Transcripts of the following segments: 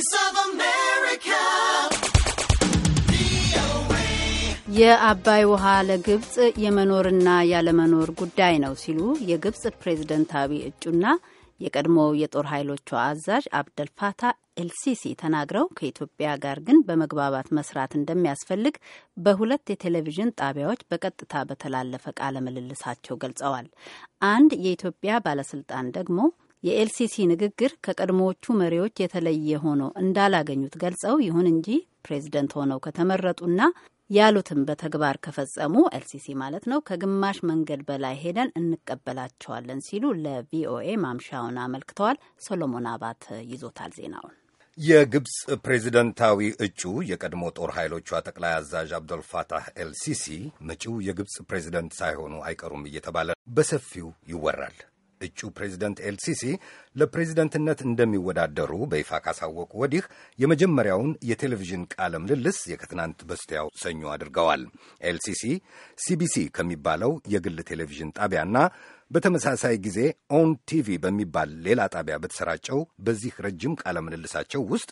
Voice of America. የአባይ ውሃ ለግብፅ የመኖርና ያለመኖር ጉዳይ ነው ሲሉ የግብፅ ፕሬዝደንታዊ እጩና የቀድሞ የጦር ኃይሎቿ አዛዥ አብደልፋታ ኤልሲሲ ተናግረው ከኢትዮጵያ ጋር ግን በመግባባት መስራት እንደሚያስፈልግ በሁለት የቴሌቪዥን ጣቢያዎች በቀጥታ በተላለፈ ቃለ ምልልሳቸው ገልጸዋል። አንድ የኢትዮጵያ ባለስልጣን ደግሞ የኤልሲሲ ንግግር ከቀድሞዎቹ መሪዎች የተለየ ሆኖ እንዳላገኙት ገልጸው፣ ይሁን እንጂ ፕሬዝደንት ሆነው ከተመረጡና ያሉትን በተግባር ከፈጸሙ ኤልሲሲ ማለት ነው ከግማሽ መንገድ በላይ ሄደን እንቀበላቸዋለን ሲሉ ለቪኦኤ ማምሻውን አመልክተዋል። ሶሎሞን አባት ይዞታል ዜናውን። የግብፅ ፕሬዚደንታዊ እጩ የቀድሞ ጦር ኃይሎቿ ጠቅላይ አዛዥ አብዶልፋታህ ኤልሲሲ መጪው የግብፅ ፕሬዚደንት ሳይሆኑ አይቀሩም እየተባለ በሰፊው ይወራል። እጩ ፕሬዚደንት ኤልሲሲ ለፕሬዚደንትነት እንደሚወዳደሩ በይፋ ካሳወቁ ወዲህ የመጀመሪያውን የቴሌቪዥን ቃለ ምልልስ የከትናንት በስቲያው ሰኞ አድርገዋል። ኤልሲሲ ሲቢሲ ከሚባለው የግል ቴሌቪዥን ጣቢያና በተመሳሳይ ጊዜ ኦን ቲቪ በሚባል ሌላ ጣቢያ በተሰራጨው በዚህ ረጅም ቃለ ምልልሳቸው ውስጥ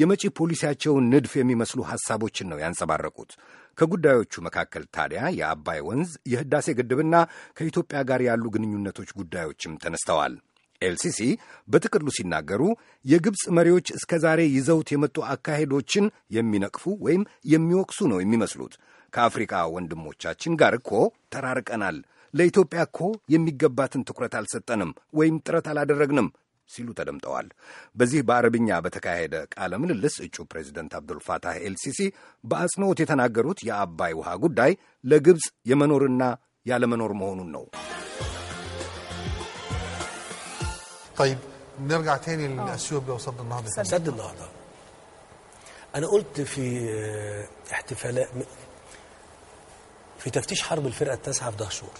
የመጪ ፖሊሲያቸውን ንድፍ የሚመስሉ ሐሳቦችን ነው ያንጸባረቁት። ከጉዳዮቹ መካከል ታዲያ የአባይ ወንዝ፣ የህዳሴ ግድብና ከኢትዮጵያ ጋር ያሉ ግንኙነቶች ጉዳዮችም ተነስተዋል። ኤልሲሲ በጥቅሉ ሲናገሩ የግብፅ መሪዎች እስከ ዛሬ ይዘውት የመጡ አካሄዶችን የሚነቅፉ ወይም የሚወቅሱ ነው የሚመስሉት። ከአፍሪካ ወንድሞቻችን ጋር እኮ ተራርቀናል። ለኢትዮጵያ እኮ የሚገባትን ትኩረት አልሰጠንም ወይም ጥረት አላደረግንም ሲሉ ተደምጠዋል። በዚህ በአረብኛ በተካሄደ ቃለ ምልልስ እጩ ፕሬዚደንት አብዱልፋታህ ኤልሲሲ በአጽንኦት የተናገሩት የአባይ ውሃ ጉዳይ ለግብፅ የመኖርና ያለመኖር መሆኑን ነው። نرجع قلت في احتفالات في تفتيش حرب الفرقة التاسعة في دهشور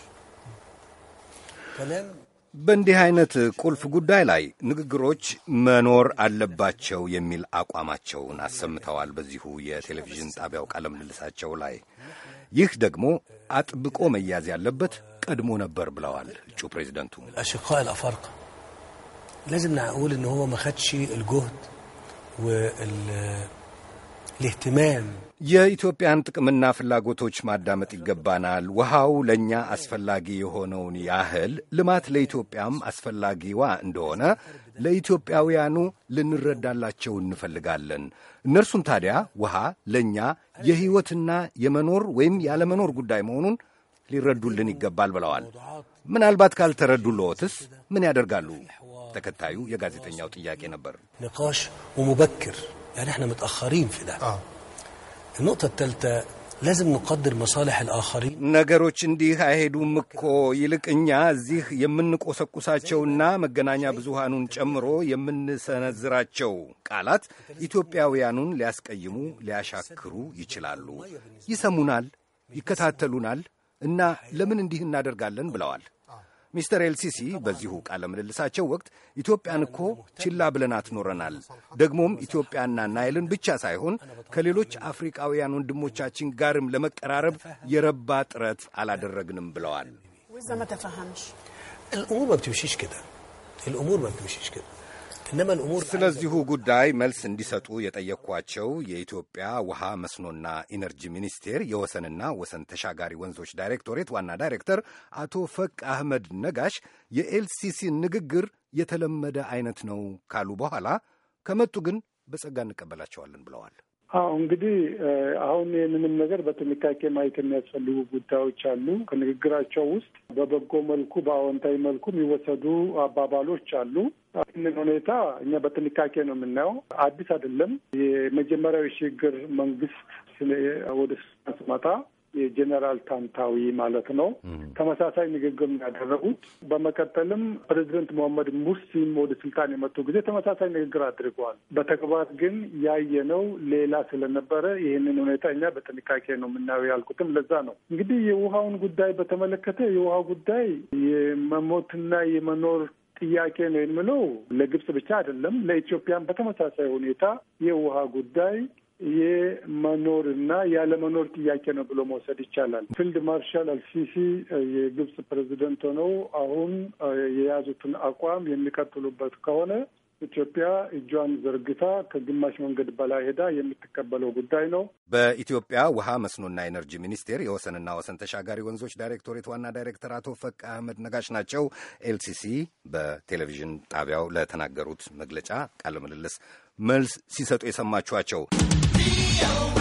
تمام በእንዲህ አይነት ቁልፍ ጉዳይ ላይ ንግግሮች መኖር አለባቸው የሚል አቋማቸውን አሰምተዋል በዚሁ የቴሌቪዥን ጣቢያው ቃለ ምልልሳቸው ላይ። ይህ ደግሞ አጥብቆ መያዝ ያለበት ቀድሞ ነበር ብለዋል እጩ ፕሬዚደንቱ። ለዝም الاهتمام የኢትዮጵያን ጥቅምና ፍላጎቶች ማዳመጥ ይገባናል። ውሃው ለእኛ አስፈላጊ የሆነውን ያህል ልማት ለኢትዮጵያም አስፈላጊዋ እንደሆነ ለኢትዮጵያውያኑ ልንረዳላቸው እንፈልጋለን። እነርሱም ታዲያ ውሃ ለእኛ የሕይወትና የመኖር ወይም ያለመኖር ጉዳይ መሆኑን ሊረዱልን ይገባል ብለዋል። ምናልባት ካልተረዱ ለወትስ ምን ያደርጋሉ? ተከታዩ የጋዜጠኛው ጥያቄ ነበር። ንቃሽ ወሙበክር يعني احنا متأخرين في ده آه. النقطة الثالثة ለዝም ንቀድር መሳልሕ ልአኸሪን ነገሮች እንዲህ አይሄዱም እኮ ይልቅ እኛ እዚህ የምንቆሰቁሳቸውና መገናኛ ብዙሃኑን ጨምሮ የምንሰነዝራቸው ቃላት ኢትዮጵያውያኑን ሊያስቀይሙ ሊያሻክሩ ይችላሉ። ይሰሙናል፣ ይከታተሉናል እና ለምን እንዲህ እናደርጋለን ብለዋል። ሚስተር ኤልሲሲ በዚሁ ቃለ ምልልሳቸው ወቅት ኢትዮጵያን እኮ ችላ ብለናት ኖረናል፣ ደግሞም ኢትዮጵያና ናይልን ብቻ ሳይሆን ከሌሎች አፍሪቃውያን ወንድሞቻችን ጋርም ለመቀራረብ የረባ ጥረት አላደረግንም ብለዋል። ስለዚሁ ጉዳይ መልስ እንዲሰጡ የጠየቅኳቸው የኢትዮጵያ ውሃ መስኖና ኢነርጂ ሚኒስቴር የወሰንና ወሰን ተሻጋሪ ወንዞች ዳይሬክቶሬት ዋና ዳይሬክተር አቶ ፈቅ አህመድ ነጋሽ የኤልሲሲ ንግግር የተለመደ አይነት ነው ካሉ በኋላ ከመጡ ግን በጸጋ እንቀበላቸዋለን ብለዋል። አዎ እንግዲህ አሁን ይህንንም ነገር በጥንቃቄ ማየት የሚያስፈልጉ ጉዳዮች አሉ። ከንግግራቸው ውስጥ በበጎ መልኩ በአዎንታዊ መልኩ የሚወሰዱ አባባሎች አሉ። ይህንን ሁኔታ እኛ በጥንቃቄ ነው የምናየው። አዲስ አይደለም። የመጀመሪያው የሽግግር መንግስት ወደ ስልጣን የጀኔራል ታንታዊ ማለት ነው ተመሳሳይ ንግግር ያደረጉት። በመቀጠልም ፕሬዚደንት መሐመድ ሙርሲም ወደ ስልጣን የመጡ ጊዜ ተመሳሳይ ንግግር አድርገዋል። በተግባር ግን ያየነው ሌላ ስለነበረ ይህንን ሁኔታ እኛ በጥንቃቄ ነው የምናየው ያልኩትም ለዛ ነው። እንግዲህ የውሃውን ጉዳይ በተመለከተ የውሃ ጉዳይ የመሞትና የመኖር ጥያቄ ነው የምለው ለግብጽ ብቻ አይደለም፣ ለኢትዮጵያን በተመሳሳይ ሁኔታ የውሃ ጉዳይ የመኖርና ያለመኖር ጥያቄ ነው ብሎ መውሰድ ይቻላል። ፊልድ ማርሻል አልሲሲ የግብጽ ፕሬዚደንት ሆነው አሁን የያዙትን አቋም የሚቀጥሉበት ከሆነ ኢትዮጵያ እጇን ዘርግታ ከግማሽ መንገድ በላይ ሄዳ የምትቀበለው ጉዳይ ነው። በኢትዮጵያ ውሃ መስኖና ኤነርጂ ሚኒስቴር የወሰንና ወሰን ተሻጋሪ ወንዞች ዳይሬክቶሬት ዋና ዳይሬክተር አቶ ፈቃ አህመድ ነጋሽ ናቸው። ኤልሲሲ በቴሌቪዥን ጣቢያው ለተናገሩት መግለጫ ቃለ ምልልስ መልስ ሲሰጡ የሰማችኋቸው Be